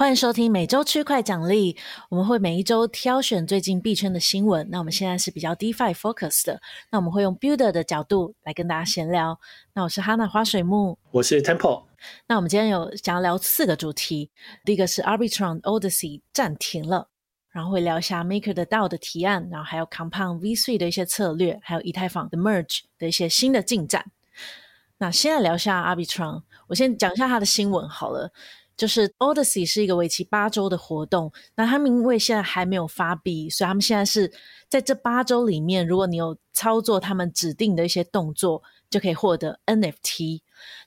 歡迎收聽每周區塊獎勵。我們會每一周挑選最近幣圈的新聞。那我們現在是比較 DeFi focus 的。那我們會用 builder 的角度來跟大家閒聊。那我是哈娜花水木，我是 Temple。那我們今天有想要聊四個主題。第一個是 Arbitrum Odyssey 暫停了，然後會聊一下 Maker 的 DAO 的提案，然後還有 Compound V3 的一些策略，還有以太坊的 Merge 的一些新的進展。那先來聊一下 Arbitrum，我先講一下它的新聞好了。就是 Odyssey 是一個為期八周的活動，那他們因為現在還沒有發幣，所以他們現在是在這八周裡面，如果你有操作他們指定的一些動作，就可以獲得 NFT。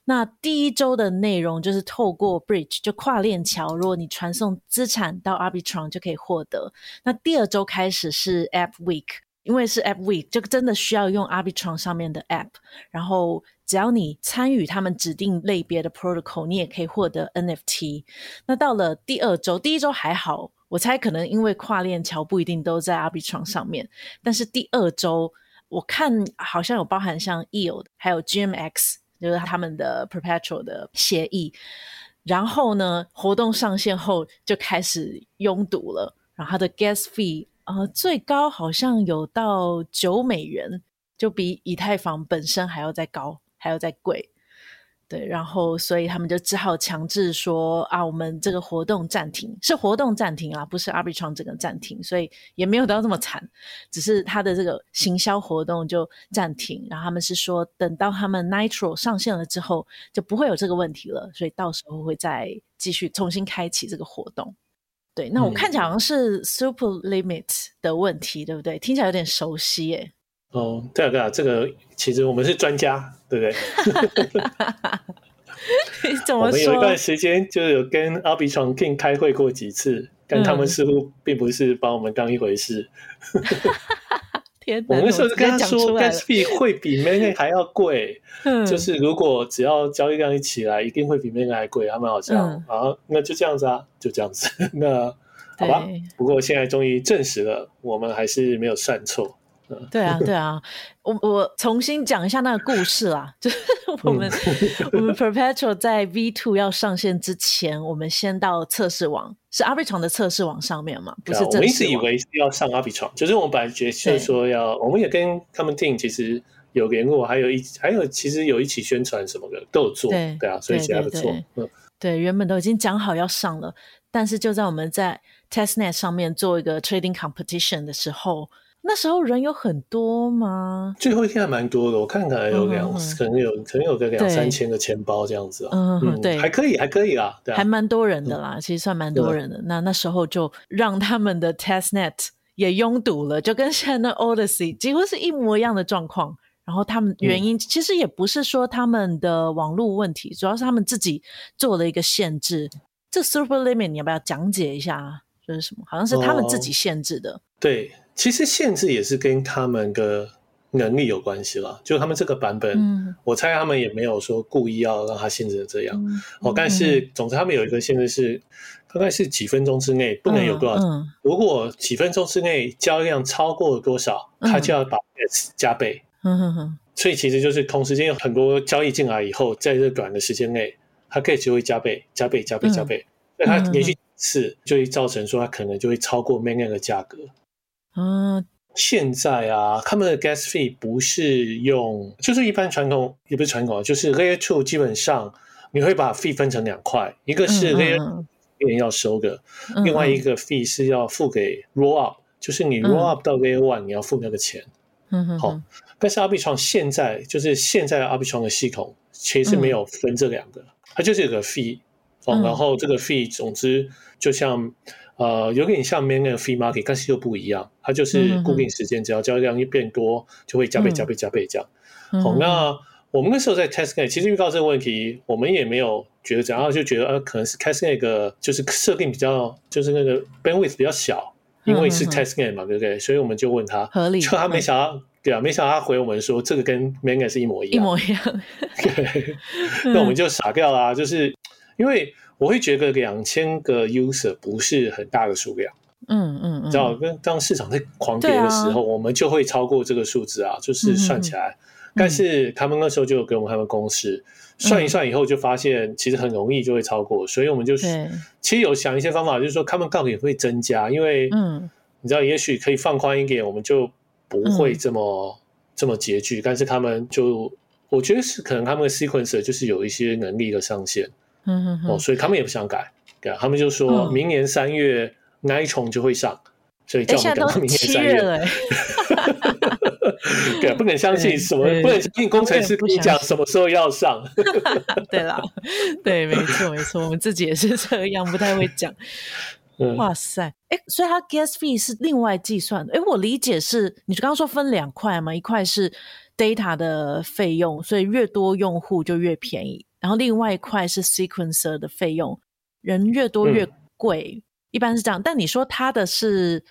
那第一周的內容就是透過 Bridge 就跨鏈橋，如果你傳送資產到 Arbitrum 就可以獲得。那第二周開始是 App Week。因為是 App Week，這個真的需要用 Arbitrum 上面的 App，然後只要你參與他們指定類別的 Protocol，你也可以獲得 NFT。那到了第二周，第一周還好，我猜可能因為跨鏈橋不一定都在 Arbitrum 上面，但是第二周我看好像有包含像 Eel 還有 GMX，就是他們的 Perpetual 的協議。然後呢，活動上線後就開始擁堵了，然後他的 Gas fee。呃，最高好像有到九美元，就比以太坊本身還要再高，還要再貴。對，然後所以他們就只好強制說啊，我們這個活動暫停，是活動暫停啊，不是 Arbitrum 整個暫停，所以也沒有到這麼慘，只是他的這個行銷活動就暫停。然後他們是說，等到他們 Nitro 上線了之後，就不會有這個問題了，所以到時候會再繼續重新開啟這個活動。對，那我看起來好像是 super limit 的問題、嗯、的問題，對不對？聽起來有點熟悉耶。哦，對啊，對啊，這個其實我們是專家，對不對？ 你怎麼說？我們有一段時間就有跟 Arbitrum King 開會過幾次，嗯、但他們似乎並不是把我們當一回事。 我們說是，是跟他說，Gas fee 會比 Main 還要貴， 嗯、就是如果只要交易量一起來，一定會比 Main 還貴，還蠻好笑。好、嗯啊，那就這樣子啊，就這樣子。那好吧，對不過現在終於證實了，我們還是沒有算錯。 對啊，對啊，我我重新講一下那個故事啦。就是我們 我們 Perpetual 在 V2 要上線之前，我們先到測試網，是 Arbitrum 的測試網上面嘛？不是、啊，我們一直以為要上 Arbitrum，就是我們本來覺得就是說要，對我們也跟 c o m e t 其實有聯絡，還有一還有其實有一起宣傳什麼的都有做，對，對啊，所以其實還不錯。對，原本都已經講好要上了，但是就在我們在 Testnet 上面做一個 Trading Competition 的時候。那時候人有很多嗎？最後一天還蠻多的，我看看還有兩、uh huh.，可能有可能有個兩三千個錢包這樣子、啊 uh huh. 嗯，對，還可以，還可以啦對啊，還蠻多人的啦，嗯、其實算蠻多人的。那那時候就讓他們的 testnet 也擁堵了，就跟現在那 Odyssey 幾乎是一模一樣的狀況。然後他們原因、嗯、其實也不是說他們的網絡問題，主要是他們自己做了一個限制。這個、super limit 你要不要講解一下？就是什麼？好像是他們自己限制的，哦、對。其實限制也是跟他們的能力有關係啦，就他們這個版本，嗯、我猜他們也沒有說故意要讓它限制這樣。哦、嗯，嗯、但是總之他們有一個限制是，大概是幾分鐘之內不能有多少。嗯嗯、如果幾分鐘之內交易量超過了多少，它、嗯、就要把、gas、加倍。嗯嗯嗯。所以其實就是同時間有很多交易進來以後，在這短的時間內，它可以就會加倍、加倍、加倍、加倍。那它、嗯、連續幾次就會造成說它可能就會超過每量的價格。嗯，現在啊，他們的 gas fee 不是用，就是一般傳統也不是傳統、啊，就是 layer two 基本上你會把 fee 分成兩塊，一個是 layer one 要收的，另外一個 fee 是要付給 roll up，、嗯嗯、就是你 roll up 到 layer one 你要付那個錢。嗯哼。好，但是 Arbitrum 現在就是現在 Arbitrum 的系統其實沒有分這兩個，它就是有個 fee，、嗯嗯哦、然後這個 fee 總之就像。呃，有點像 mainnet fee market，但是又不一樣。它就是固定時間，嗯、哼只要交易量一變多，就會加倍、加倍、加倍這樣。嗯、哼好，那我們那時候在 test game，其實遇到這個問題，我們也沒有覺得，然、啊、後就覺得呃、啊，可能是 test game 一個就是設定比較，就是那個 bandwidth 比較小，因為是 test game 嘛，嗯、哼對不對？所以我們就問他，合理。就他沒想到，對啊，沒想到回我們說這個跟 mainnet 是一模一樣，一模一樣 對。那我們就傻掉啦，就是因為。我會覺得兩千個 user 不是很大的數量，嗯嗯，嗯嗯，你知道，當市場在狂跌的時候，啊、我們就會超過這個數字啊，就是算起來。嗯、但是他們、嗯、那時候就有給我們他們公式算一算以後，就發現其實很容易就會超過，嗯、所以我們就對其實有想一些方法，就是說他們槓桿也會增加，因為嗯，你知道，也許可以放寬一點，我們就不會這麼、嗯、這麼拮據。但是他們就我覺得是可能他們的 sequencer 就是有一些能力的上限。嗯哼哼，哦，所以他們也不想改，對，他們就說明年三月 Nitro 就會上，嗯、所以叫我們等到明年三月。欸、 對，不能相信，什麼不能相信？不能相信工程師跟你講什麼時候要上。 對啦，對，沒錯沒錯，我們自己也是這樣，不太會講。 嗯、哇塞，誒、欸、所以它 gas fee 是另外計算的。誒、欸、我理解是，你剛剛說分兩塊嘛，一塊是 data 的費用，所以越多用戶就越便宜；然後另外一塊是 sequencer 的費用，人越多越貴，嗯、一般是這樣。但你說他的是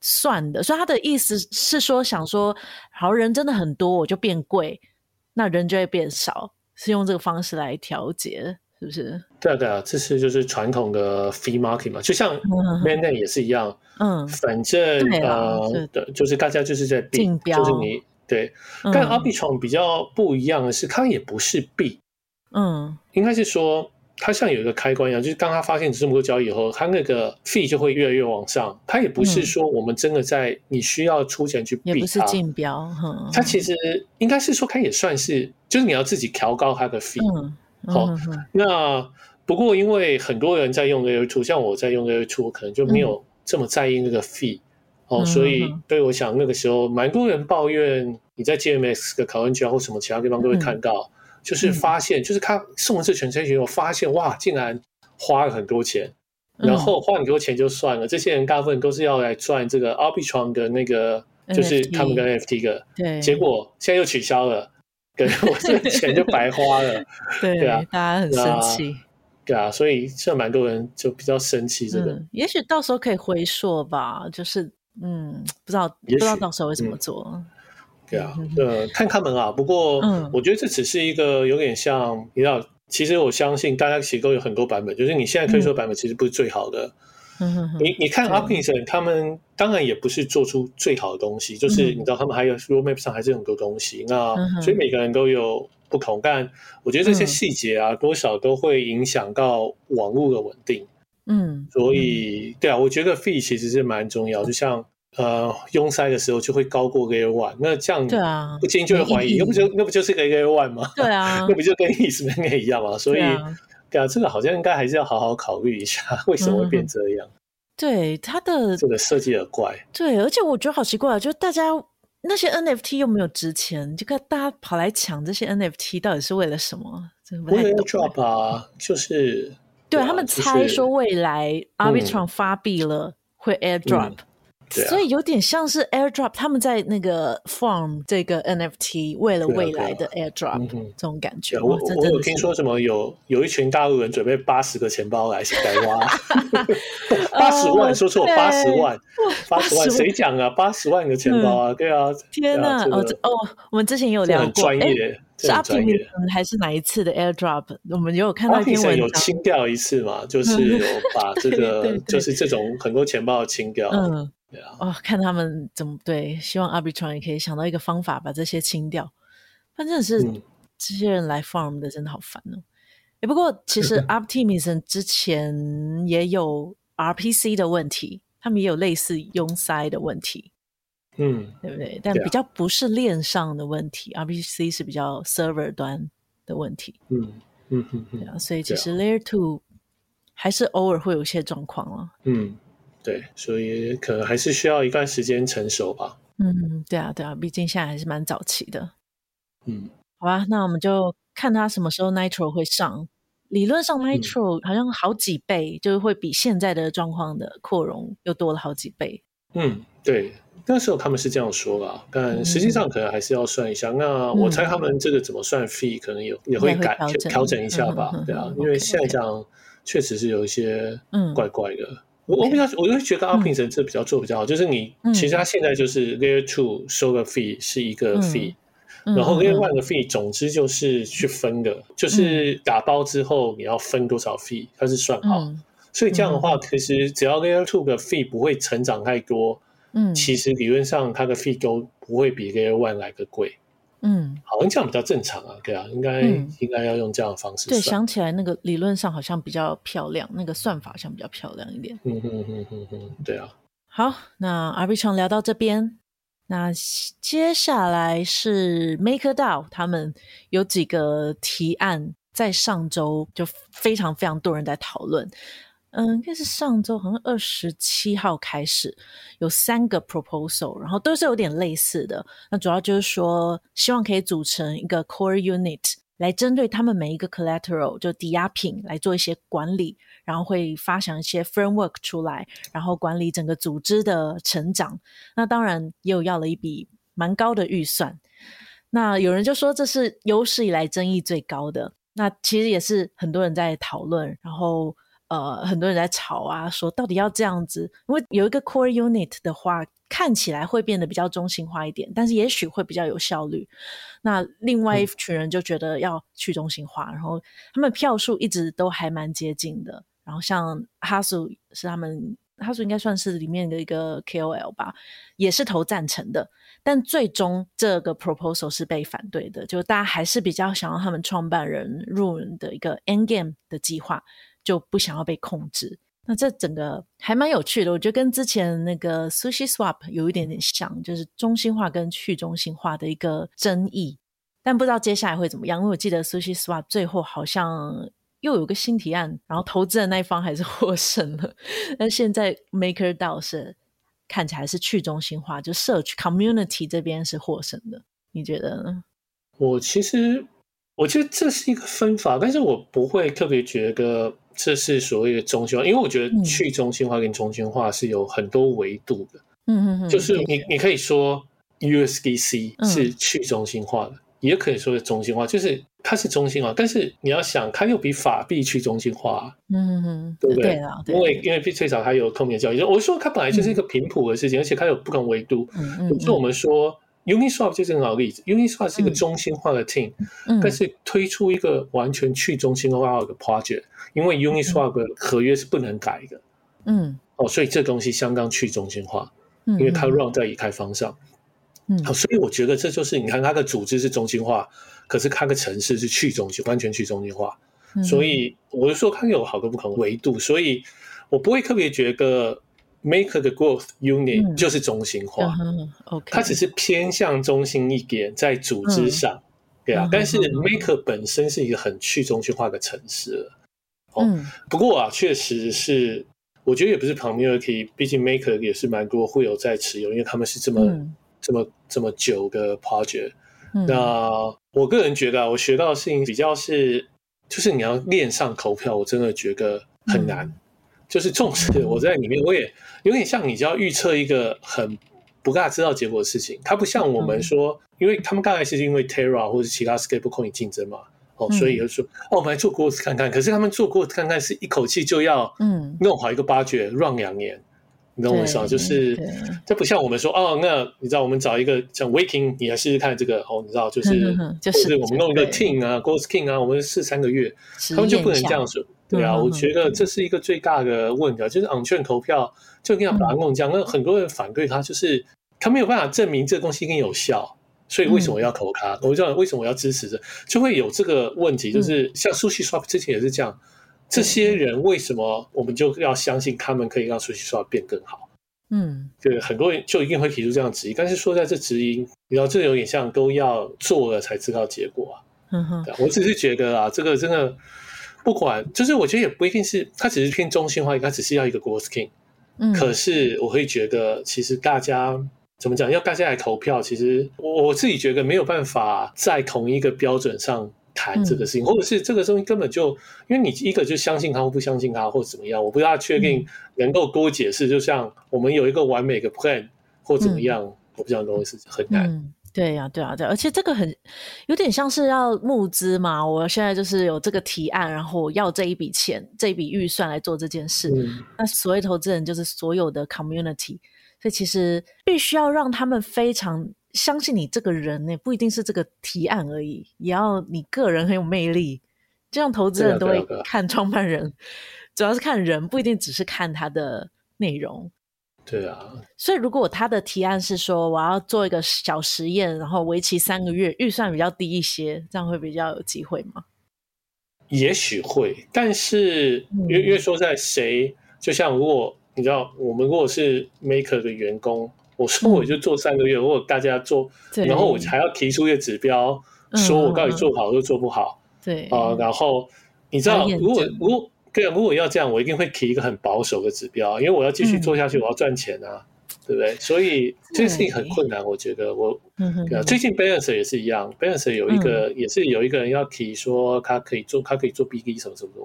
算的，所以他的意思是說，想說，好，人真的很多，我就變貴，那人就會變少，是用這個方式來調節。是不是？對啊，對啊，這是就是傳統的 fee market 嘛，就像 mainnet 也是一樣。嗯，反正、嗯啊、是呃，就是大家就是在 bid、競標，就是你對。嗯、但 Arbitrum 比較不一樣的是，它也不是 bid 嗯，應該是說它像有一個開關一樣，就是當它發現你這麼多交易以後，它那個 fee 就會越來越往上。它也不是說我們真的在、嗯、你需要出錢去 bid 它，不是競標。它、嗯、其實應該是說，它也算是，就是你要自己調高它的 fee、嗯。好，那不過因為很多人在用 A 2 O，像我在用 A 2 O，可能就沒有這麼在意那個 fee、嗯、哦，嗯、所以，所以我想那個時候蠻多人抱怨，你在 G M X 的考恩橋或什麼其他地方都會看到，嗯、就是發現，嗯、就是他送了這全車群，我發現哇，竟然花了很多錢，嗯、然後花很多錢就算了，嗯、這些人大部分都是要來賺這個 R B i 床的那個，就是他們跟 F T 對，結果現在又取消了。跟我這錢就白花了，對啊，大家很生氣，啊，對啊，所以這蠻多人就比較生氣，這個、嗯、也許到時候可以回溯吧，就是嗯，不知道許不知道到時候會怎麼做，嗯、對啊，呃，看他們啊。不過，嗯，我覺得這只是一個有點像，嗯、你知道，其實我相信大家其實都有很多版本，就是你現在推出的版本其實不是最好的。嗯你你看阿 o p k i n s o n 他們當然也不是做出最好的東西，就是你知道他們還有 r o m a p 上還是很多東西。那所以每個人都有不同，但我覺得這些細節啊，多少都會影響到網絡的穩定。嗯，所以對啊，我覺得 Fee 其實是蠻重要，就像呃，擁塞的時候就會高過 a 個 One，那這樣對啊，不禁就會懷疑，那不就那不就是個 a One 嗎？對啊，那不就跟意 s m a 一樣嘛？所以。這個好像應該還是要好好考慮一下，為什麼會變這樣？嗯、對它的這個設計很怪，對，而且我覺得好奇怪，就是大家那些 NFT 又沒有值錢，就看大家跑來搶這些 NFT，到底是為了什麼？真、這、的、個、不太懂啊。就是對、就是、他們猜說未來 Arbitrum 發幣了、嗯、會 airdrop。嗯所以有點像是 airdrop，他們在那個 farm 這個 NFT 為了未來的 airdrop 這種感覺。我我聽說什麼有有一群大陸人準備八十個錢包來來挖八十萬，說錯八十萬，八十萬誰講啊？八十萬個錢包啊？對啊！天哪，哦哦，我們之前有聊過哎，是阿平，還是哪一次的 airdrop？我們有看到新聞有清掉一次嘛？就是有把這個就是這種很多錢包清掉。Yeah. 哦，看他們怎麼對，希望 Arbitrum 也可以想到一個方法把這些清掉。反正是、嗯、這些人來 farm 的，真的好煩哦、喔。也、欸、不過，其實 Optimism 之前也有 RPC 的問題，他們也有類似擁塞的問題，嗯，對不對？但比較不是鏈上的問題、嗯、，RPC 是比較 server 端的問題，嗯嗯嗯嗯、啊，所以其實 Layer Two 還是偶爾會有一些狀況了，嗯。對，所以可能還是需要一段時間成熟吧。嗯，對啊，對啊，畢竟現在還是蠻早期的。嗯，好吧，那我們就看他什麼時候 Nitro 會上。理論上 Nitro 好像好幾倍，就是會比現在的狀況的擴容又多了好幾倍。嗯，對，那時候他們是這樣說吧，但實際上可能還是要算一下。嗯、那我猜他們這個怎麼算 fee 可能有也，嗯、也會改調整，調整一下吧？嗯嗯嗯、對啊，okay. 因為現在講確實是有一些怪怪的。嗯我我比較，我就會覺得阿平神這比較做比較好，嗯、就是你其實他現在就是 layer two 收個 fee 是一個 fee，嗯、然後 layer one 的 fee 總之就是去分的，嗯、就是打包之後你要分多少 fee，它是算好，嗯、所以這樣的話、嗯、其實只要 layer two 的 fee 不會成長太多，嗯，其實理論上它的 fee 都不會比 layer one 來個貴。嗯，好像這樣比較正常啊，對啊，應該應該要用這樣的方式算、嗯、對，想起來那個理論上好像比較漂亮，那個算法好像比較漂亮一點。嗯嗯嗯嗯對啊。好，那阿 B 長聊到這邊，那接下來是 MakerDAO，他們有幾個提案，在上周就非常非常多人在討論。嗯，應該是上周，好像二十七號開始有三個 proposal，然後都是有點類似的。那主要就是說，希望可以組成一個 core unit 來針對他們每一個 collateral 就抵押品來做一些管理，然後會發想一些 framework 出來，然後管理整個組織的成長。那當然也有要了一筆蠻高的預算。那有人就說這是有史以來爭議最高的。那其實也是很多人在討論，然後。呃，很多人在吵啊，說到底要這樣子，因為有一個 core unit 的話，看起來會變得比較中心化一點，但是也許會比較有效率。那另外一群人就覺得要去中心化，嗯、然後他們票數一直都還蠻接近的。然後像哈蘇是他們，哈蘇應該算是裡面的一個 KOL 吧，也是投贊成的。但最終這個 proposal 是被反對的，就大家還是比較想要他們創辦人 Rune 的一個 End Game 的計劃。就不想要被控制，那這整個還蠻有趣的。我覺得跟之前那個 SushiSwap 有一點點像，就是中心化跟去中心化的一個爭議。但不知道接下來會怎麼樣，因為我記得 SushiSwap 最後好像又有個新提案，然後投資的那一方還是獲勝了。但現在 MakerDAO 是看起來是去中心化，就社區 community 這邊是獲勝的。你覺得呢？我其實我覺得這是一個分法，但是我不會特別覺得。這是所謂的中心化，因為我覺得去中心化跟中心化是有很多維度的。嗯嗯嗯，就是你吧你可以說 USDC 是去中心化的，嗯、也可以說是中心化，就是它是中心化，但是你要想，它又比法幣去中心化。嗯嗯，對不對？對啊，因為因為最早它有透明的交易。我說它本來就是一個頻譜的事情，嗯、而且它有不同維度。嗯，嗯嗯，就我們說。Uniswap 就是很好例子，Uniswap 是一個中心化的 team、嗯嗯、但是推出一個完全去中心化的 project、嗯嗯、因為 Uniswap 的合約是不能改的，嗯，哦，所以這東西相當去中心化，嗯、因為它 run 在以太坊上，嗯嗯、好，所以我覺得這就是你看它的組織是中心化，可是它的城市是去中心，完全去中心化，所以我就說它有好多不同維度，所以我不會特別覺得。Maker 的 Growth Unit、嗯、就是中心化，OK，、嗯、它只是偏向中心一點、嗯、在組織上，嗯、對啊，但是 Maker、嗯、本身是一個很去中心化的城市了，哦、嗯，不過啊，確實是，我覺得也不是旁邊可以，畢竟 Maker 也是蠻多會有在持有，因為他們是這麼、嗯、這麼這麼久的 project，、嗯、那我個人覺得、啊，我學到的事情比較是，就是你要鏈上投票，我真的覺得很難。嗯就是重視我在裡面，我也有點像你，就要預測一個很不大知道結果的事情。它不像我們說，因為他們剛才是因為 Terra 或者其他 Stablecoin 競爭嘛，嗯、哦，所以就說哦，我們來做 Ghost 看看。可是他們做 Ghost 看看是一口氣就要嗯弄好一個 budget、嗯、，run 兩年，你知道我意思嗎？對就是這不像我們說哦，那你知道我們找一個像 Waking 你來試試看這個哦，你知道就是呵呵就是、是我們弄一個 King 啊對，Ghost King 啊，我們試三個月，他們就不能這樣子。對啊，嗯、我覺得這是一個最大的問題、啊，對就是昂券投票、嗯、就跟把它弄僵，那很多人反對他，就是他沒有辦法證明這個東西一定有效，所以為什麼要投他？我知道為什麼我要支持的、這個，就會有這個問題，就是、嗯、像 Sushi Shop 之前也是這樣，嗯、這些人為什麼我們就要相信他們可以讓 Sushi Shop 變更好？嗯，對，很多人就一定會提出這樣的質疑，但是說在這質疑，你知道這有點像都要做了才知道結果啊。嗯哼、啊，我只是覺得啊，嗯、這個真的。不管，就是我覺得也不一定是，他只是偏中心化，他只是要一個 GOSKING、嗯。可是我會覺得，其實大家怎麼講，要大家來投票，其實我自己覺得沒有辦法在同一個標準上談這個事情，嗯、或者是這個東西根本就因為你一個就相信他或不相信他或怎麼樣，我不大確定能夠給我解釋。就像我們有一個完美的 plan 或怎麼樣，嗯、我不知道東西是很難。嗯嗯對呀，對呀，對啊，而且這個很有點像是要募資嘛。我現在就是有這個提案，然後要這一筆錢、這一筆預算來做這件事。對。那所謂投資人就是所有的 community，所以其實必須要讓他們非常相信你這個人呢，不一定是這個提案而已，也要你個人很有魅力。就像投資人都會看創辦人，對啊，對啊，對啊，主要是看人，不一定只是看他的內容。對啊，所以如果他的提案是說我要做一個小實驗，然後為期三個月，預算比較低一些，這樣會比較有機會嗎？也許會，但是因為因為說在誰，嗯、就像如果你知道我們如果是 Maker 的員工，我說我就做三個月，嗯、如果大家做，對然後我還要提出一個指標，嗯、說我到底做好又做不好，嗯呃、對啊，然後你知道如果如果。對啊，如果要這樣，我一定會提一個很保守的指標，因為我要繼續做下去，嗯、我要賺錢啊，對不對？所以對這件事情很困難，我覺得我、嗯、哼哼哼最近 Binance 也是一樣、嗯、Binance、er、有一個也是有一個人要提說他可以做，他可以做 BD 什麼什麼的，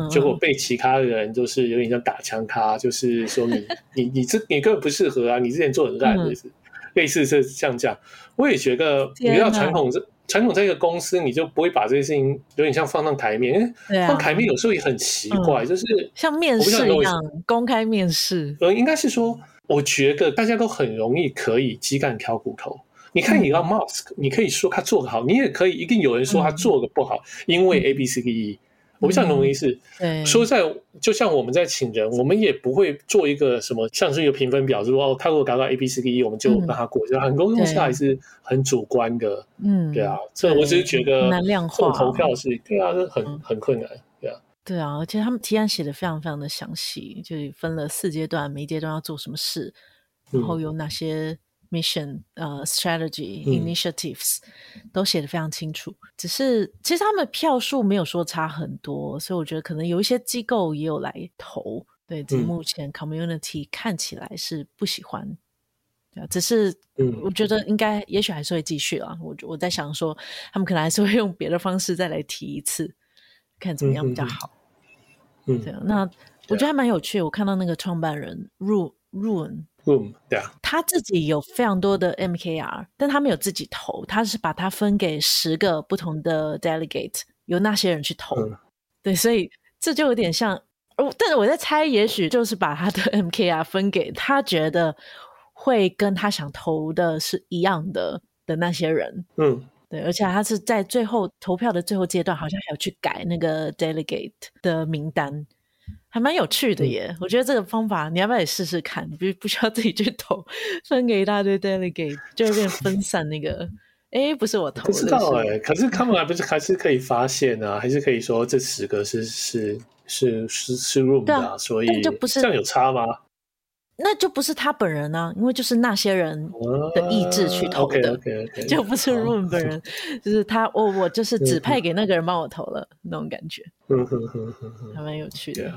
嗯，結果被其他人就是有點像打槍咖，他就是說你 你你這你，你根本不適合啊，你之前做的爛，類似、嗯、類似是像這樣我也覺得比較哪傳統是。傳統在一個公司，你就不會把這些事情有點像放到台面，放台面有時候也很奇怪、啊嗯，就、嗯、是像面試一樣公開面試。呃、嗯，應該是說，我覺得大家都很容易可以雞蛋挑骨頭。你看，你要 Musk 你可以說他做得好，你也可以一定有人說他做得不好，因為 A、嗯、B、嗯、C、D、E。我不像容易是、嗯、說在，就像我們在請人，我們也不會做一個什麼像是一個評分表，說哦，他如果達到 A、B、C、D、E，我們就讓他過，去很多東西還是很主觀的。嗯，對啊，所以我只是覺得做投票是對啊，是很、嗯、很困難，對啊，對啊，其實他們提案寫的非常非常的詳細，就是分了四階段，每一階段要做什麼事，嗯、然後有哪些。Mission、uh, Strategy、Initiatives、嗯、都寫得非常清楚。只是其實他們票數沒有說差很多，所以我覺得可能有一些機構也有來投。對，目前 Community 看起來是不喜歡，對、嗯、只是我覺得應該也許還是會繼續啊。嗯、我我在想說，他們可能還是會用別的方式再來提一次，看怎麼樣比較好。對，那我覺得還蠻有趣。我看到那個創辦人入。Rune，Rune，Yeah. 他自己有非常多的 MKR，但他沒有自己投，他是把它分給十個不同的 Delegate，由那些人去投。嗯，對，所以這就有點像，但是我在猜，也許就是把他的 MKR 分給他覺得會跟他想投的是一樣的的那些人。嗯，對，而且他是在最後投票的最後階段，好像還要去改那個 Delegate 的名單。還蠻有趣的耶，我覺得這個方法你要不要也試試看？不，不需要自己去投，分給一大堆 d e l e g a 就會變分散那個。哎，不是我投，不知道。可是他們還不是還是可以發現呢？還是可以說這十個是是是是是 room 啊？所以就不是這樣有差嗎？那就不是他本人啊，因為就是那些人的意志去投的，就不是 room 本人，就是他我我就是指派給那個人幫我投了那種感覺，還蠻有趣的。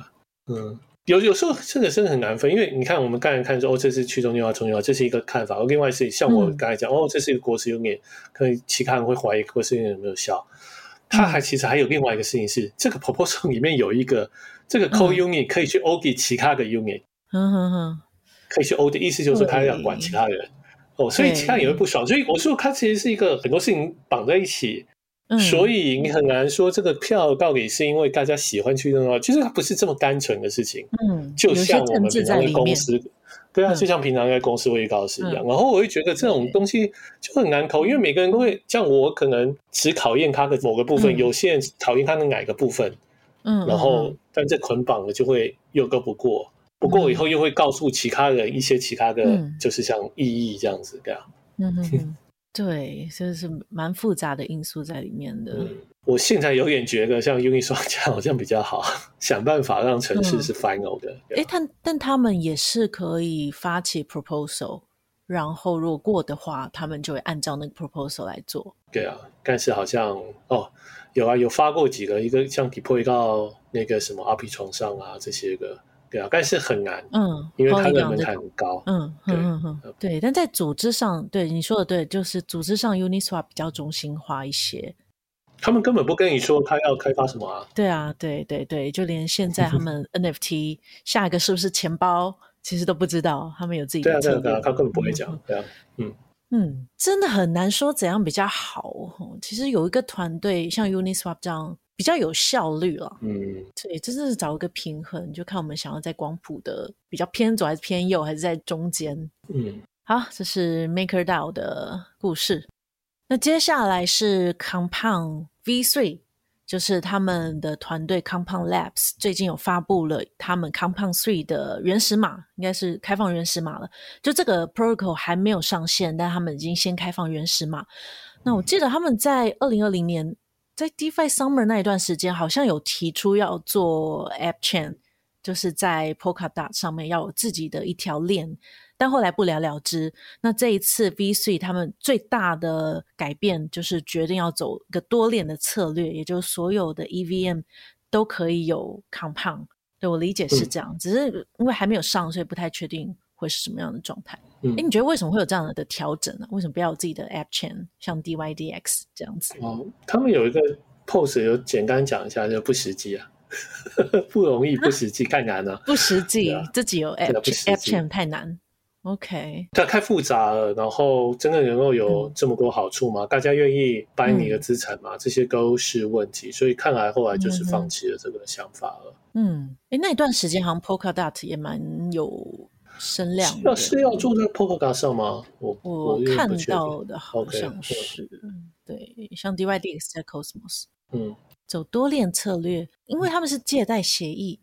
嗯，有有時候這個真的很難分，因為你看我們剛才看說哦，這是去中央化中央化，這是一個看法。而另外是像我剛才講，嗯、哦，這是一個 core unit，可能其他人會懷疑 core unit 有沒有效。他、嗯、還其實還有另外一個事情是，這個 proposal 裡面有一個這個 core unit 可以去 O 擊其他的 unit，嗯，可以去 O 的意思就是他要管其他人對哦，所以其他人也會不爽。對所以我說他其實是一個很多事情綁在一起。所以你很難說這個票到底是因為大家喜歡去弄啊，其、就、實、是、它不是這麼單純的事情。嗯，就像我們平常在公司，嗯、在對啊，就像平常在公司會搞是一樣。嗯嗯、然後我會覺得這種東西就很難考，對，因為每個人都會，像我可能只考驗他的某個部分，嗯、有些人考驗他的哪個部分，嗯，然後但這捆綁了就會又過不過，不過以後又會告訴其他人一些其他的，就是像意義這樣子這樣，嗯嗯。嗯嗯嗯對，就是蠻複雜的因素在裡面的。嗯、我現在有點覺得，像 Unity 雙加好像比較好，想辦法讓城市是 final 的。嗯啊、誒，但但他們也是可以發起 proposal，然後如果過的話，他們就會按照那個 proposal 來做。對啊，但是好像哦，有啊，有發過幾個，一個像 d e 一個那個什麼 R P 床上啊這些個。對啊、但是很難，嗯，因為他的門檻很高，嗯，對，但在組織上，對，你說的對，就是組織上，Uniswap 比較中心化一些，他們根本不跟你說他要開發什麼啊，對啊，對對對，就連現在他們 NFT 下一個是不是錢包， 其實都不知道，他們有自己的對啊，對啊，他根本不會講，嗯、對啊，嗯嗯，真的很難說怎樣比較好，其實有一個團隊像 Uniswap 這樣。比較有效率了，嗯，這也真的是找一個平衡，就看我們想要在光譜的比較偏左還是偏右，還是在中間，嗯，好，這是 MakerDAO 的故事。那接下來是 Compound V3，就是他們的團隊 Compound Labs 最近有發布了他們 Compound 3的原始碼，應該是開放原始碼了。就這個 Protocol 還沒有上線，但他們已經先開放原始碼。那我記得他們在二零二零年。在 DeFi Summer 那一段時間，好像有提出要做 App Chain，就是在 Polkadot 上面要有自己的一條鏈，但後來不了了之。那這一次 V3 他們最大的改變就是決定要走一個多鏈的策略，也就是所有的 EVM 都可以有 Compound。對，我理解是這樣，嗯、只是因為還沒有上，所以不太確定會是什麼樣的狀態。哎，你覺得為什麼會有這樣的調整呢、啊？為什麼不要有自己的 App Chain，像 DYDX 這樣子？哦，他們有一個 Pose，有簡單講一下就是、不實際啊， 不容易、啊、不實際，太難了。不實際，啊、自己有 App、啊、App Chain 太難。OK，但、啊、太複雜了，然後真的能夠有這麼多好處嗎？嗯、大家願意搬你的資產嗎？嗯、這些都是問題，所以看來後來就是放棄了這個想法了。嗯，嗯，哎、欸，那一段時間好像 Polkadot 也蠻有。身量那是要住在 Polka 上嗎？我我看到的好像是對，像 DYDX 在 Cosmos，嗯，走多鏈策略，因為他們是借貸協議，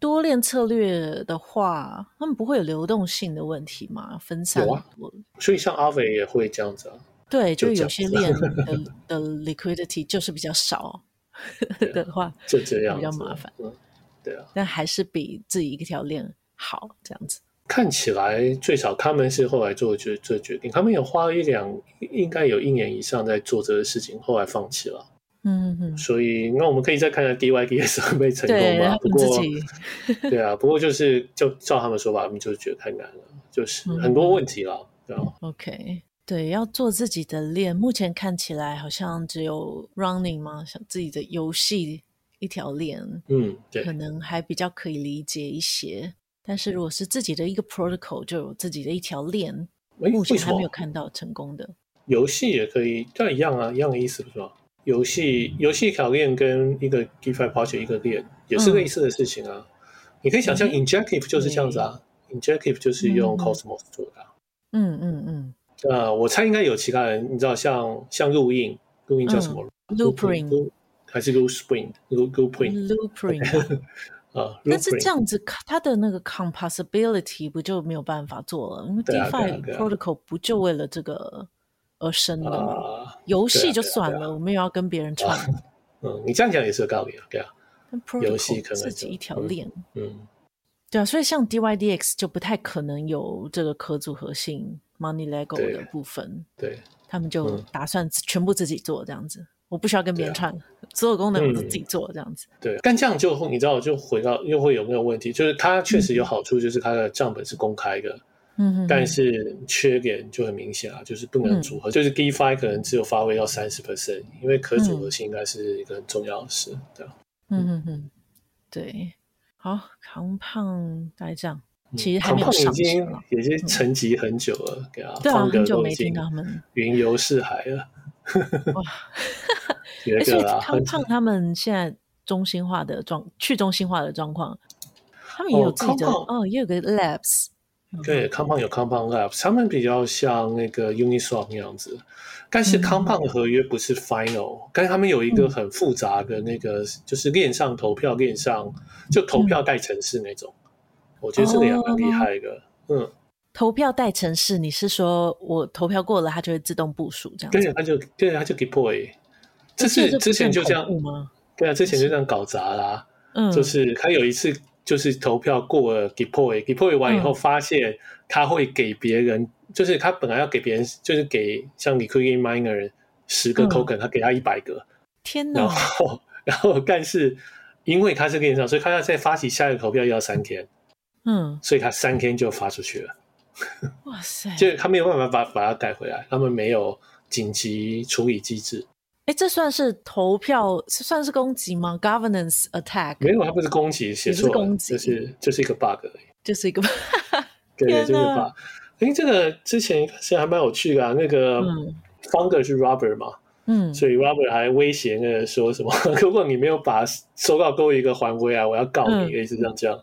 多鏈策略的話，他們不會有流動性的問題嘛？分散，所以像阿偉也會這樣子啊？對，就有些鏈的的、的 liquidity 就是比較少、嗯、 的話的就的的就少、嗯，就這樣比較麻煩，對啊，但還是比自己一條鏈好這樣子。看起來最少他們是後來做決做決定，他們有花了一兩，應該有一年以上在做這個事情，後來放棄了。嗯嗯。嗯，所以那我們可以再看看 dYdX 會不會成功嗎？對對對，啊，不過就是就照他們說法，他們就覺得太難了，就是很多問題了，嗯、對啊 OK 對，要做自己的鏈，目前看起來好像只有 running 嘛，想自己的遊戲一條鏈，嗯，對，可能還比較可以理解一些。但是如果是自己的一個 protocol，就有自己的一條鏈，目前還沒有看到成功的。遊戲也可以，這樣一樣啊，一樣的意思，是吧？遊戲遊戲考驗跟一個 DeFi protocol 一個鏈也是類似的事情啊。嗯、你可以想象 Injective 就是這樣子啊、嗯、，Injective 就是用 Cosmos 做的、啊嗯。嗯嗯嗯。啊、嗯呃，我猜應該有其他人，你知道像像路印，路印叫什麼、嗯、？Loopring Loopring。還是 Loopring？Loopring，Loopring。但是這樣子，它的那個 composability 不就沒有辦法做了？因為 DeFi、啊啊啊、protocol 不就為了這個而生的嘛？遊戲、uh, 就算了，我們也要跟別人串。 嗯，你這樣講也是有道理啊，對啊。遊戲可能自己一條鏈、嗯，嗯，對啊。所以像 DYDX 就不太可能有這個可組合性，Money Lego 的部分，對，對他們就打算全部自己做這樣子。我不需要跟別人唱，所有功能我都自己做這樣子。嗯、對，幹賬就你知道，就回到又會有沒有問題？就是它確實有好處，就是它的賬本是公開的。嗯哼哼，但是缺點就很明顯啊，就是不能組合。嗯、就是 DeFi 可能只有發揮到三十 percent，因為可組合性應該是一個很重要的事，嗯對嗯嗯對。好，康胖，大概這樣其實還沒有上線了，有沉積很久了，給它放個多久沒聽到他們雲遊四海了。哇！ 個啦而且康胖他們現在中心化的狀，去中心化的狀況，哦、他們也有自己的康胖哦，有個 labs。對，嗯、康胖有康胖 labs，他們比較像那個 Uniswap 那樣子，但是康胖的合約不是 final，、嗯、但是他們有一個很複雜的那個，嗯、就是鏈上投票，鏈上就投票帶程式那種，嗯、我覺得這個也蠻厲害的，哦、嗯。投票代程式，你是說我投票過了，它就會自動部署這樣對他？對啊，它就跟啊，它就 deploy。這是這之前就這樣嗎？對啊，之前就這樣搞砸啦、啊。嗯，就是他有一次就是投票過了 deploy，deploy、嗯、完以後發現他會給別人，嗯、就是他本來要給別人，就是給像 liquidity miner 十個 token，、嗯、他給他一百個。天哪！然後然後但是因為他是鏈上，所以他要再發起下一個投票要三天。嗯，所以他三天就發出去了。哇塞！就是他沒有辦法把把它改回來，他們沒有緊急處理機制。哎、欸，這算是投票算是攻擊嗎？Governance attack？沒有，他不是攻擊，寫錯了，是攻就是就是一個 bug，就是一個。對，就是一個 bug。哎、欸，這個之前現在還蠻有趣的、啊，那個 Fungger 是 Rubber 嘛？嗯，所以 Rubber 還威脅那個說什麼？嗯、如果你沒有把手稿勾一個還規啊，我要告你，意思、嗯、這樣講，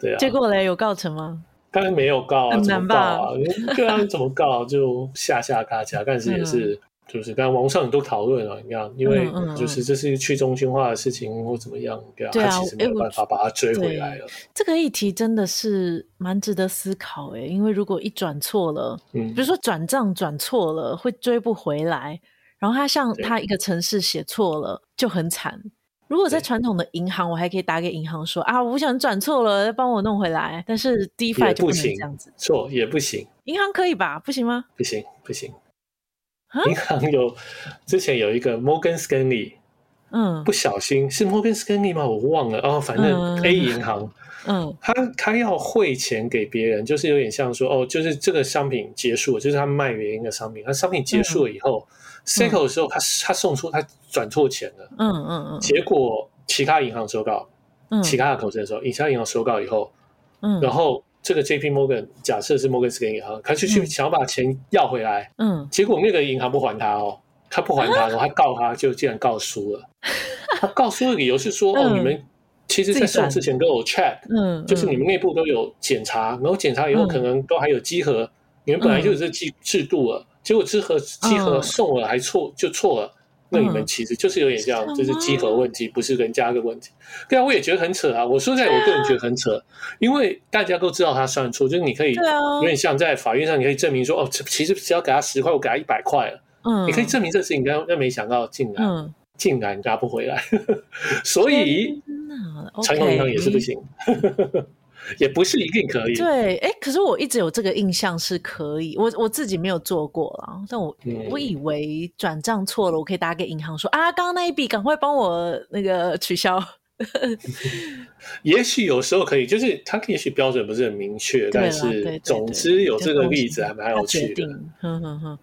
對啊。結果呢，有告成嗎？剛才沒有告啊，很難怎麼告啊？對啊，怎麼告、啊、就嚇嚇大家。但是也是 就是，剛才網上很多討論了，你看，因為就是這是一個去中心化的事情或怎麼樣，對啊、嗯嗯嗯嗯嗯，他其實沒有辦法把它追回來了、啊欸。這個議題真的是蠻值得思考哎，因為如果一轉錯了，嗯、比如說轉賬轉錯了會追不回來，然後他像他一個城市寫錯了對就很慘。如果在傳統的銀行，對我還可以打給銀行說啊，我不想轉錯了，要幫我弄回來。但是 DeFi 就不行這樣子，錯也不行。銀行，行可以吧？不行嗎？不行不行。銀行，蛤行有之前有一個 Morgan Stanley 嗯，不小心是 Morgan Stanley 嗎？我忘了哦。反正 A 銀行嗯，嗯，他他要匯錢給別人，就是有點像說哦，就是這個商品結束，就是他賣原因的商品，他、啊、商品結束了以後。嗯 c 口的時候，他他送出，他轉錯錢了。嗯嗯嗯。結果其他銀行收到，其他口子的時候，其他銀行收到以後，嗯，然後這個 J P Morgan 假設是 Morgan Stanley 銀行，他就去想要把錢要回來。嗯。結果那個銀行不還他哦、喔，他不還他，然後他告他，就竟然告輸了。他告輸的理由是說，哦，你們其實，在送之前都有 check，嗯，就是你們內部都有檢查，然後檢查以後可能都還有稽核，你們本來就有這制制度了。結果之和，集合送了還錯就錯了，um, 那你們其實就是有點像，就是集合問題不是人家的問題。對啊，我也覺得很扯啊，我說在我個人覺得很扯，Yeah. 因為大家都知道他算錯，就是你可以有點像在法院上，你可以證明說 Yeah. 哦，其實只要給他十塊，我給他一百塊了，嗯，um, 你可以證明這事情，但但沒想到竟然、um, 竟然拿不回來， 所以傳統銀行也是不行。 也不是一定可以。對，哎、欸，可是我一直有這個印象是可以，我我自己沒有做過啦，但我、嗯、我以為轉賬錯了，我可以打給銀行說啊，剛剛那一筆趕快幫我那個取消。 也許有時候可以，就是它也許標準不是很明確，但是總之有這個例子還蠻有趣的。對啊、嗯，嗯嗯，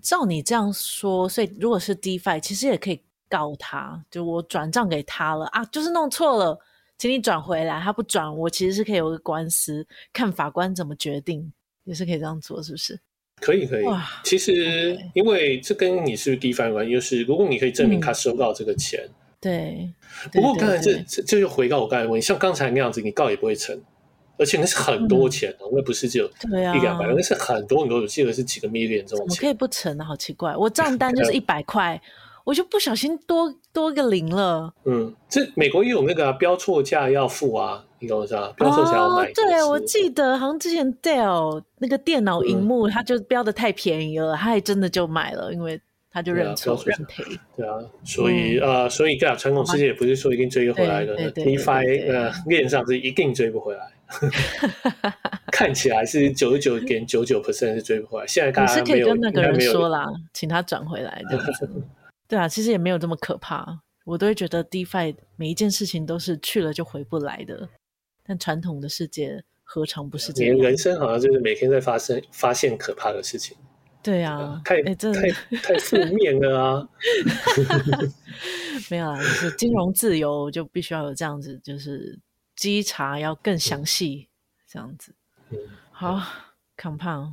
照你這樣說，所以如果是 DeFi，其實也可以告他，就我轉賬給他了啊，就是弄錯了。請你轉回來，他不轉，我其實是可以有個官司，看法官怎麼決定，也是可以這樣做，是不是？可以可以。哇，其實 okay. 因為這跟你是不是第一方有關，又、就是如果你可以證明他收到這個錢，嗯、對。不過剛才這這這就回到我剛才問，像剛才那樣子，你告也不會成，而且那是很多錢哦，嗯、那不是只有啊一兩百，啊、那是很多很多，我記得是幾個 million 這種錢。怎麼可以不成啊，好奇怪，我賬單就是一百塊。 我就不小心多多個零了。嗯，這美國有那個、啊、標錯價要付啊，你懂是吧？標錯價要買、哦。對，我記得好像之前 Dell 那個電腦螢幕、嗯，他就標得太便宜了，他還真的就買了，因為他就認錯認賠、啊。對啊，所以、嗯、呃，所以大家傳統世界也不是說一定追得回來的，DeFi 呃，鏈、嗯、上是一定追不回來。 看起來是九十九點九九 percent 是追不回來。現在大家你是可以跟那個人說啦，請他轉回來的。 對啊，其實也沒有這麼可怕。我都會覺得，DeFi 每一件事情都是去了就回不來的。但傳統的世界何嘗不是這樣？你人生好像就是每天在發生發現可怕的事情。對啊，太、欸、真的太太負面了啊！ 沒有啦，就是金融自由就必須要有這樣子，就是稽查要更詳細、嗯、這樣子。嗯、好，Compound。哎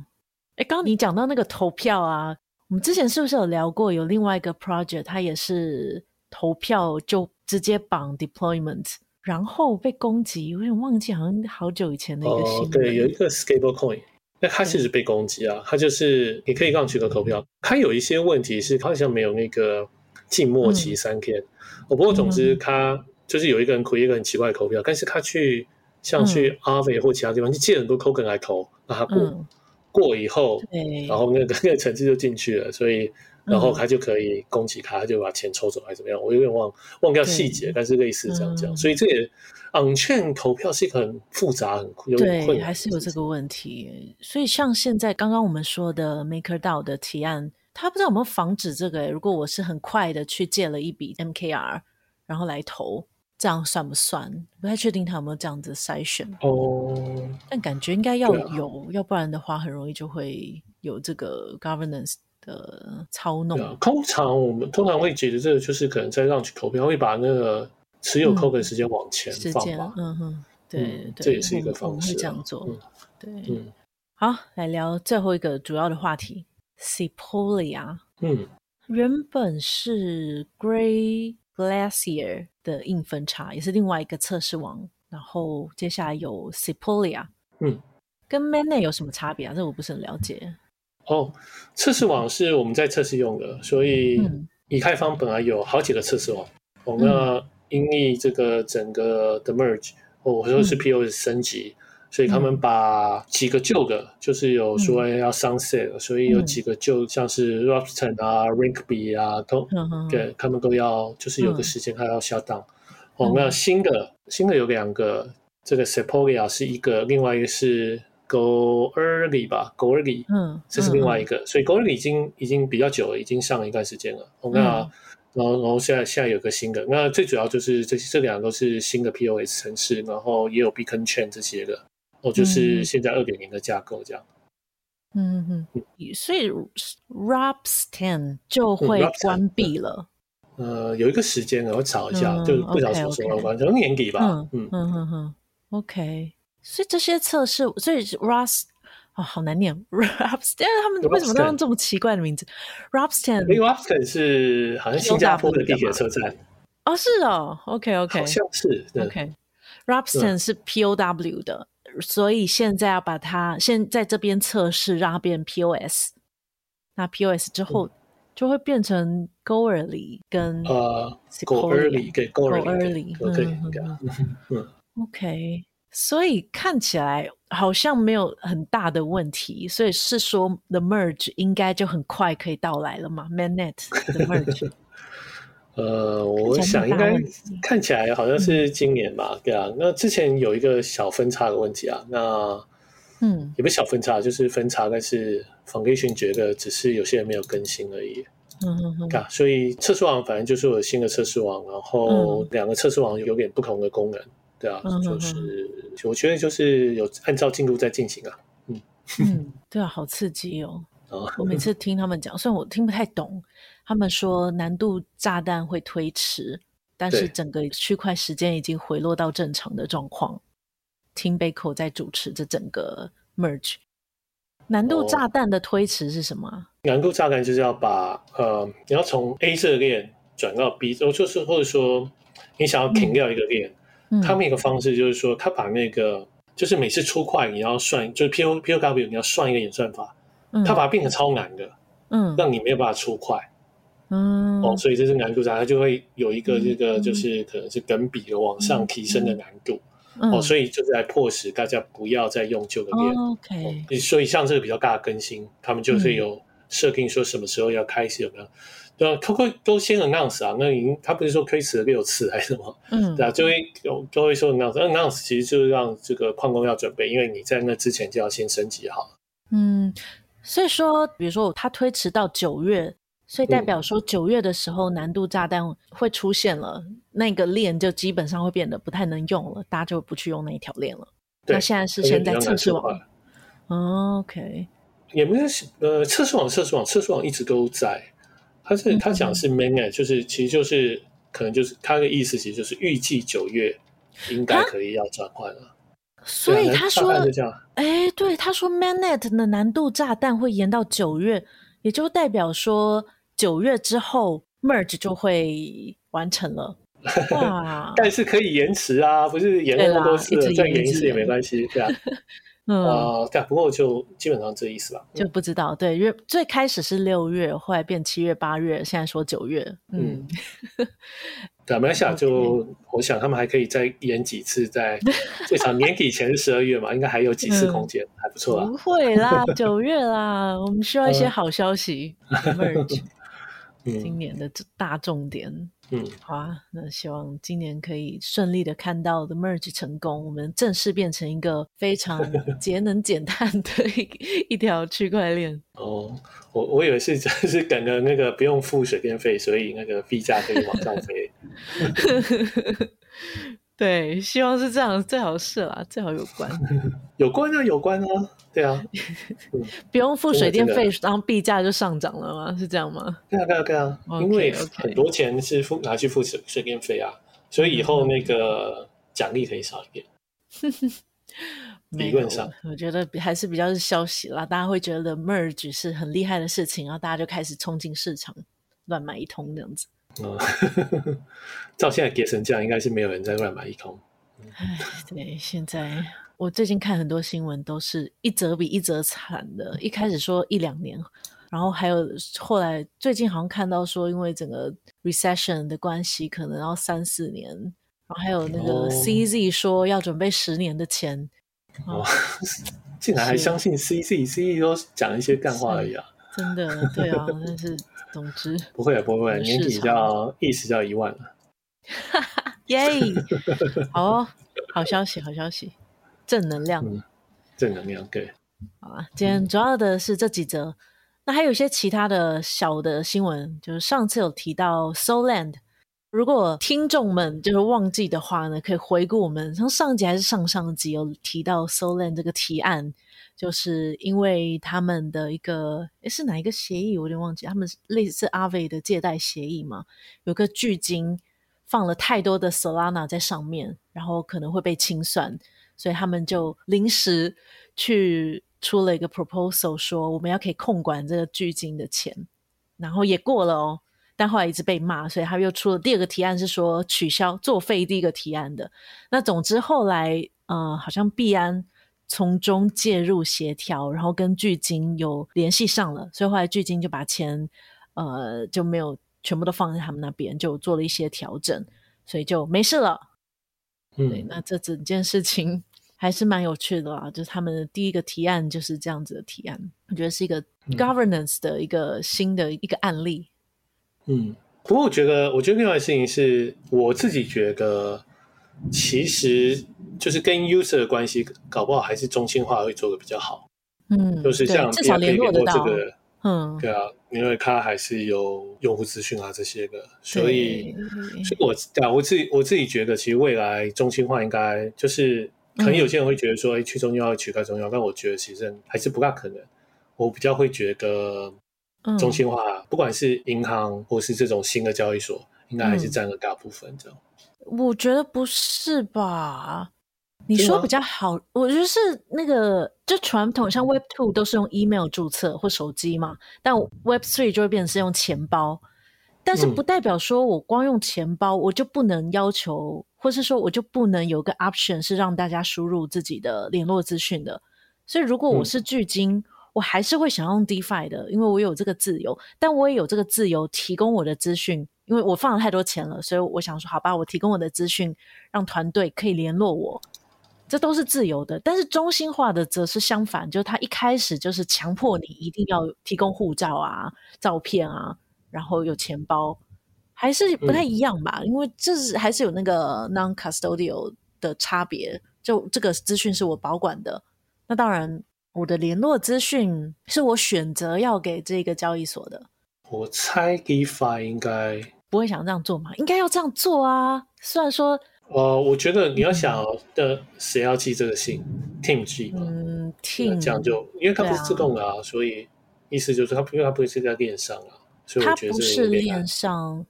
對，剛剛、欸、你講到那個投票啊。我們之前是不是有聊過？有另外一個 project，它也是投票就直接綁 deployment，然後被攻擊。我忘記好像好久以前的一個項目。Oh, 對，有一個 scalable coin，那它其實被攻擊啊。它對就是你可以上去做投票，它、嗯、有一些問題是它好像沒有那個靜默期三天。我、嗯哦、不過總之它就是有一個人以一個很奇怪的投票，嗯、但是他去像去 Aave 或其他地方去、嗯、借很多 token 來投，讓它不、嗯過以後，對然後那那個層次就進去了，所以然後他就可以攻擊他，嗯、他就把錢抽走還是怎麼樣？我有點忘忘掉細節，對但是類似這樣講，嗯、所以這也 on-chain 投票是很複雜很有點困難的對，還是有這個問題。所以像現在剛剛我們說的 MakerDAO 的提案，他不知道有沒有防止這個、欸？如果我是很快的去借了一筆 MKR，然後來投。這樣算不算？不太確定他有沒有這樣子篩選。哦。但感覺應該要有，要不然的話，很容易就會有這個 governance 的操弄。通常我們通常會解決這個，就是可能在 launch 去投票會把那個持有 token 時間往前。時間，嗯哼，對對對。這也是一個方式。會這樣做。對。嗯。好，來聊最後一個主要的話題：Sepolia。嗯。原本是 grey。Glacier 的硬分叉也是另外一個測試網，然後接下來有 Sepolia，嗯，跟 Mainnet 有什麼差別啊？這我不是很了解。哦，測試網是我們在測試用的，所以以太坊本來有好幾個測試網，嗯、我們要因為這個整個的 Merge，、嗯、哦，我說是 PoS 升級。嗯。所以他們把幾個舊的，嗯、就是有說要 sunset，、嗯、所以有幾個舊，嗯、像是 Ropsten 啊、Rinkeby 啊，都對、嗯、哼他們都要，就是有個時間還要下檔。嗯、哦，那新的新的有兩個，這個 Sepolia 是一個，另外一個是 Goerli 吧 Goerli 嗯，這是另外一個。嗯、哼所以 Goerli 已經已經比較久了，已經上了一段時間了。哦、那、嗯、然後然後現在現在有個新的，那最主要就是這這兩個都是新的 POS 城市，然後也有 Beacon Chain 這些的。哦，就是現在二點零的架構這樣。嗯嗯嗯，所以 Ropsten 就會關閉了，嗯 en, 嗯。呃，有一個時間呢會吵一下，嗯、就不想說說那麼晚，可能年底吧。嗯嗯嗯嗯，OK。所以這些測試，所以 Robs 啊，哦，好難念 Ropsten，哎，他們為什麼都用這麼奇怪的名字？en, Ropsten，因為 Ropsten 是好像新加坡的地鐵車站。哦，是哦，OK OK，好像是 OK，嗯。Ropsten 是 POW 的。所以現在要把它先在這邊測試，讓它變成 POS。那 POS 之後就會變成 Goerli 跟 Goerli Goerli，可以，嗯嗯嗯。OK，所以看起來好像沒有很大的問題，所以是說 The Merge 應該就很快可以到來了嘛？Mainnet 的 Merge。 呃，我想應該看、嗯、看起來好像是今年吧，對啊。那之前有一個小分叉的問題啊，那嗯，也不小分叉就是分叉，嗯、但是 Foundation 覺得只是有些人沒有更新而已，嗯嗯嗯，對啊。所以測試網反正就是我新的測試網，然後兩個測試網有點不同的功能，對啊，就是、嗯、我覺得就是有按照進度在進行啊，嗯，嗯，對啊，好刺激哦， 我每次聽他們講，雖然我聽不太懂。他們說難度炸彈會推遲，但是整個區塊時間已經回落到正常的狀況。Tim 對 Beiko 在主持這整個 merge 難度炸彈的推遲是什麼？哦、難度炸彈就是要把呃你要從 A 這個鏈轉到 B，就是或者說你想要停掉一個鏈，嗯、他們有一個方式就是說他把那個就是每次出塊你要算，就是 P O P O W 你要算一個演算法，嗯、他把它變成超難的，嗯，讓你沒有辦法出塊。嗯哦，所以這是難度上，它就會有一個這個就是可能是等比的往上提升的難度。嗯、哦，所以就是來迫使大家不要再用舊的鏈、嗯嗯哦。OK。所以像這個比較大的更新，他們就會有設定說什麼時候要開始怎麼樣。嗯、對、啊、都會都先 announce 啊，那已經他不是說推遲了六次還是什麼？嗯，對啊，就會有都會說 announce，announce、嗯、其實就是讓這個礦工要準備，因為你在那之前就要先升級好了。嗯，所以說，比如說他推遲到九月。所以代表說，九月的時候難度炸彈會出現了，嗯、那個鏈就基本上會變得不太能用了，大家就不去用那一條鏈了。對，那現在是現在測試網、嗯。OK，也不是呃，測試網，測試網，測試網一直都在。他是他講的是 mainnet，就是其實就是可能就是他的意思，其實就是預計九月應該可以要轉換了。啊、所以他、啊、說，哎、欸，對，他說 mainnet 的難度炸彈會延到九月，也就代表說，九月之後 merge 就會完成了，哇！ 但是可以延遲啊，不是延了那麼多次，演再延一次也沒關係，對啊。嗯，呃、啊，不過就基本上這意思吧。就不知道，對，因為最開始是六月，後來變七月、八月，現在說九月，嗯。嗯對、啊，沒關係、啊、就我想他們還可以再延幾次，在最少年底前是十二月嘛， 應該還有幾次空間，嗯、還不錯啊。不會啦，九月啦， 我們需要一些好消息 merge。嗯 Mer 今年的大重點，嗯，嗯好啊，那希望今年可以順利的看到 the merge 成功，我們正式變成一個非常節能減碳的一條區塊鏈。 哦，我我以為是是感覺那個不用付水電費，所以那個幣價可以往上飛。 對，希望是這樣，最好是啦，最好有關，有關啊，有關啊，對啊， 不用付水電費，嗯、然後幣價就上漲了嗎？是這樣嗎？對啊，對啊，對啊，Okay, okay. 因為很多錢是付拿去付水水電費啊，所以以後那個獎勵可以少一點。 理論上，我覺得還是比較是消息啦，大家會覺得 merge 是很厲害的事情，然後大家就開始衝進市場亂買一通這樣子。哦，到、嗯、 現在給成這樣，應該是沒有人在亂買一通、嗯。哎，對，現在我最近看很多新聞，都是一則比一則慘的。一開始說一兩年，然後還有後來最近好像看到說，因為整個 recession 的關係，可能要三四年。然後還有那個 CZ 說要準備十年的錢。哦，竟然還相信 CZ？CZ 是都講一些幹話而已啊！真的，對啊， 但是。總之不會有不會的，年底要、嗯、意思要一萬哈耶！好，好消息，好消息，正能量，嗯、正能量，對。好啊！今天主要的是這幾則，嗯、那還有一些其他的小的新聞，就是上次有提到 Solend。如果聽眾們就是忘記的話呢，可以回顧我們像上集還是上上集有提到 Solend 這個提案，就是因為他們的一個誒是哪一個協議，我有點忘記，他們類似 Aave 的借貸協議嘛，有個巨鯨放了太多的 Solana 在上面，然後可能會被清算，所以他們就臨時去出了一個 proposal，說我們要可以控管這個巨鯨的錢，然後也過了哦。但後來一直被罵，所以他又出了第二個提案，是說取消作廢第一個提案的。那總之後來，呃，好像幣安從中介入協調，然後跟巨鯨有聯繫上了，所以後來巨鯨就把錢，呃，就沒有全部都放在他們那邊，就做了一些調整，所以就沒事了。嗯，對，那這整件事情還是蠻有趣的啊，就是他們的第一個提案就是這樣子的提案，我覺得是一個 governance 的一個新的一個案例。嗯，不過我覺得，我覺得另外一件事情是，我自己覺得，其實就是跟 user 的關係，搞不好還是中心化會做的比較好。嗯，就是像這樣、個嗯，至少聯絡得到嗯，對啊，因為他還是有用戶資訊啊這些的，所以，對對所以我我自己我自己覺得，其實未來中心化應該就是，可能有些人會覺得說，哎、嗯欸，去中心化取代中央，但我覺得其實還是不大可能。我比較會覺得。中心化，嗯、不管是銀行或是這種新的交易所，嗯、應該還是占了大部分。這樣，我覺得不是吧？你說比較好，啊、我覺得是那個，就傳統像 Web Two 都是用 email 注冊或手機嘛，但 Web Three 就會變成是用錢包。但是不代表說我光用錢包，我就不能要求，嗯、或是說我就不能有個 option 是讓大家輸入自己的聯絡資訊的。所以如果我是巨鯨。嗯我還是會想用 DeFi 的，因為我有這個自由，但我也有這個自由提供我的資訊，因為我放了太多錢了，所以我想說好吧，我提供我的資訊，讓團隊可以聯絡我，這都是自由的。但是中心化的則是相反，就是他一開始就是強迫你一定要提供護照啊、照片啊，然後有錢包，還是不太一樣吧？嗯、因為這是還是有那個 non-custodial 的差別，就這個資訊是我保管的，那當然。我的聯絡資訊是我選擇要給這個交易所的。我猜 g i f 應該不會想這樣做嘛？應該要這樣做啊。雖然說，呃，我覺得你要想的，誰要寄這個信？Team G 嗯，Team。這樣就，因為它不是自動的啊，所以意思就是它，因為它不是在鏈上啊，所以我覺得它不是鏈上，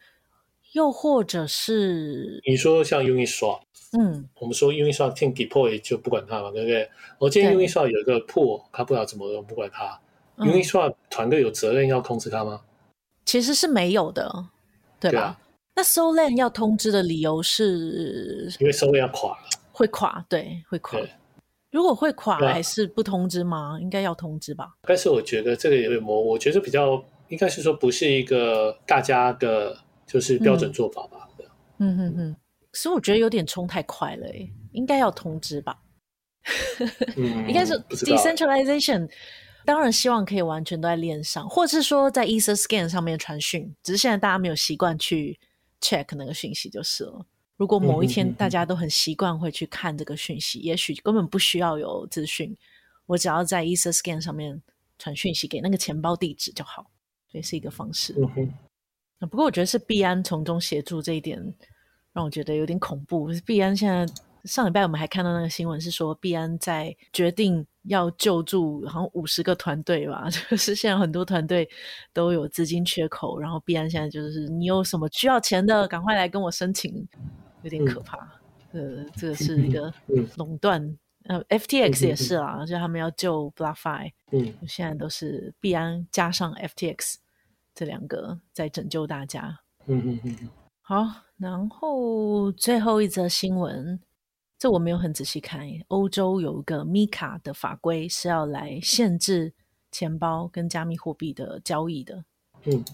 又或者是你說像 Uniswap 嗯，我們說因為 Uniswap 聽 deploy 就不管他嘛，對不對？我今天因為 Uniswap 有一個 pool，他不知道怎麼用，不管他。因為 Uniswap 團隊有責任要通知他嗎？其實是沒有的，對吧？那 Solend 要通知的理由是？因為 Solend 要垮了，會垮，對，會垮。如果會垮，還是不通知嗎？應該要通知吧？但是我覺得這個有點模，我覺得比較應該是說不是一個大家的，就是標準做法吧？嗯嗯嗯。所以我覺得有點衝太快了，哎，應該要通知吧？應 該是、嗯、 decentralization，當然希望可以完全都在鏈上，或者是說在 ether scan 上面傳訊，只是現在大家沒有習慣去 check 那個訊息就是了。如果某一天大家都很習慣會去看這個訊息，嗯哼嗯哼也許根本不需要有資訊，我只要在 ether scan 上面傳訊息給那個錢包地址就好，所以是一個方式。嗯、哼不過我覺得是幣安從中協助這一點，讓我覺得有點恐怖。幣安現在上禮拜我們還看到那個新聞，是說幣安在決定要救助，好像五十個團隊吧，就是現在很多團隊都有資金缺口，然後幣安現在就是你有什麼需要錢的，趕快來跟我申請，有點可怕。嗯、呃，這個是一個壟斷。嗯嗯、壟斷呃，FTX 也是啊，嗯嗯、就他們要救 BlockFi，嗯，現在都是幣安加上 FTX 這兩個在拯救大家。嗯嗯嗯。好。然後最後一則新聞，這我沒有很仔細看耶。歐洲有一個 MiCA 的法規是要來限制錢包跟加密貨幣的交易的。嗯，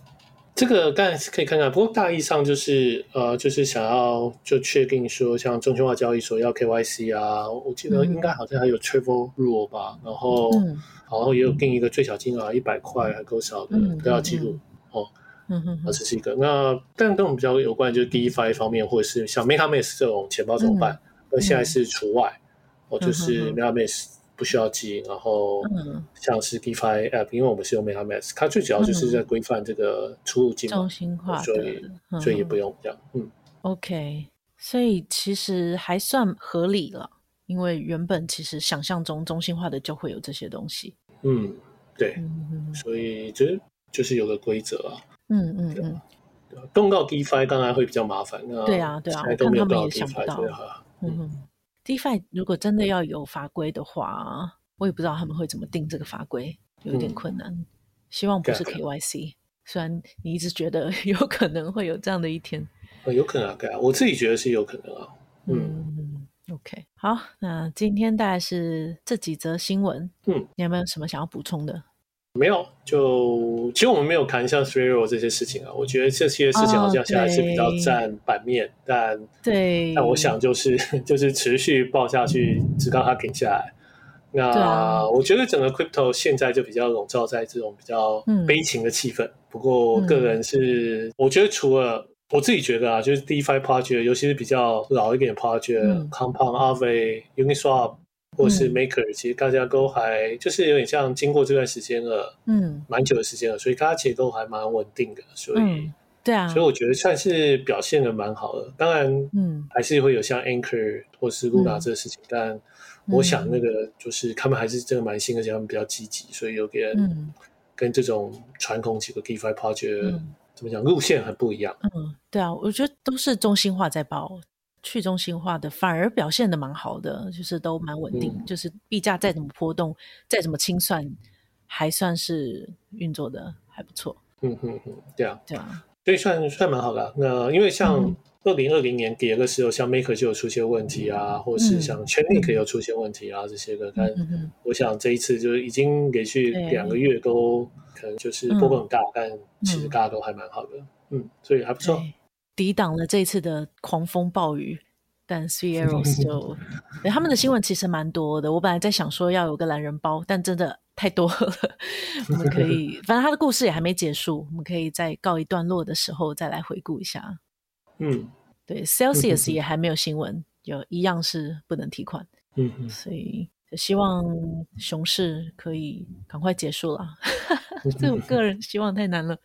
這個當然是可以看看，不過大意上就是呃，就是想要就確定說，像證券化交易所要 KYC 啊，我記得應該好像還有 Travel Rule 吧。嗯、然後，嗯、然後也有定一個最小金額一，啊、百塊還夠少的都、嗯、要記錄哦。嗯嗯嗯嗯哼，哼，那這是一個。那但跟我們比較有關的就是 DeFi 方面，或者是像 MetaMask 這種錢包怎麼辦？那、嗯、現在是除外哦，嗯、哼哼就是 MetaMask 不需要進，嗯、哼哼然後像是 DeFi App，因為我們是用 MetaMask，它最主要就是在規範這個出入金，中心、嗯、化，所以所以也不用這樣。嗯，哼嗯，OK，所以其實還算合理了，因為原本其實想象中中心化的就會有這些東西。嗯，對，嗯、哼哼所以這就，就是有個規則啊。嗯嗯嗯，公告 DeFi 當然會比較麻煩啊。對啊對啊，都沒我看他們也想不到。嗯 DeFi 如果真的要有法規的話，我也不知道他們會怎麼定這個法規，有點困難。嗯、希望不是 KYC，嗯、雖然你一直覺得有可能會有這樣的一天。哦、有可能啊，對啊，我自己覺得是有可能啊。嗯嗯，OK，好，那今天大概是這幾則新聞，嗯，你有沒有什麼想要補充的？沒有，就其實我們沒有談像 t i r e e r o 這些事情啊。我覺得這些事情好像現在是比較占版面，oh, okay. 但對，但我想就是就是持續爆下去，直到它停下來。那對我覺得整個 Crypto 現在就比較籠罩在這種比較悲情的氣氛。嗯、不過我個人是，我覺得除了我自己覺得啊，就是 DeFi Project，尤其是比較老一點 Project，Compound、嗯、Aave Uniswap。或是 Maker、嗯、其實大家都還就是有點像經過這段時間了，嗯，蠻久的時間了，所以大家其實都還蠻穩定的，所以、嗯、對啊，所以我覺得算是表現得蠻好的。當然，嗯，還是會有像 Anchor 或是 Luna 這個事情，嗯、但我想那個就是他們還是真的蠻新的，而且他們比較積極，所以有點跟這種傳統幾個 DeFi project、嗯、怎麼講路線很不一樣。嗯，對啊，我覺得都是中心化在包。去中心化的反而表現的蠻好的，就是都蠻穩定，嗯、就是幣價再怎麼波動，再怎麼清算，還算是運作的還不錯。嗯嗯嗯，對啊對啊，所以算算蠻好的。那因為像二零二零年跌的時候，嗯、像 Maker 就有出現問題啊，嗯、或是像 Chainlink 有出現問題啊這些個，嗯、但我想這一次就是已經連續兩個月都可能就是波動很大，對但其實大家都還蠻好的，嗯，嗯，所以還不錯。抵擋了這次的狂風暴雨，但 Three Arrows 就他們的新聞其實蠻多的。我本來在想說要有個懶人包，但真的太多了。 我們可以，反正他的故事也還沒結束，我們可以在告一段落的時候再來回顧一下。嗯，對，Celsius 也還沒有新聞，有、嗯、一樣是不能提款。嗯，所以希望熊市可以趕快結束了。 這我個人希望太難了。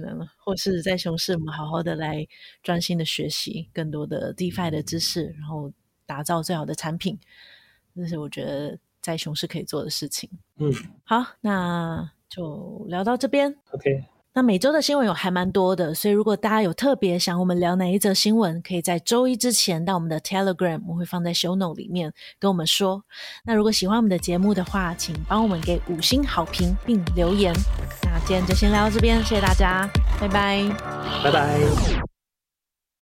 可能，或是在熊市，我們好好的來專心的學習更多的 DeFi 的知識，然後打造最好的產品，這是我覺得在熊市可以做的事情。嗯，好，那就聊到這邊。OK。那每週的新聞有還蠻多的，所以如果大家有特別想我們聊哪一則新聞，可以在週一之前到我們的 Telegram，我會放在 show note 裡面跟我們說。那如果喜歡我們的節目的話，請幫我們給五星好評並留言。那今天就先聊到這邊，謝謝大家，拜拜，拜拜。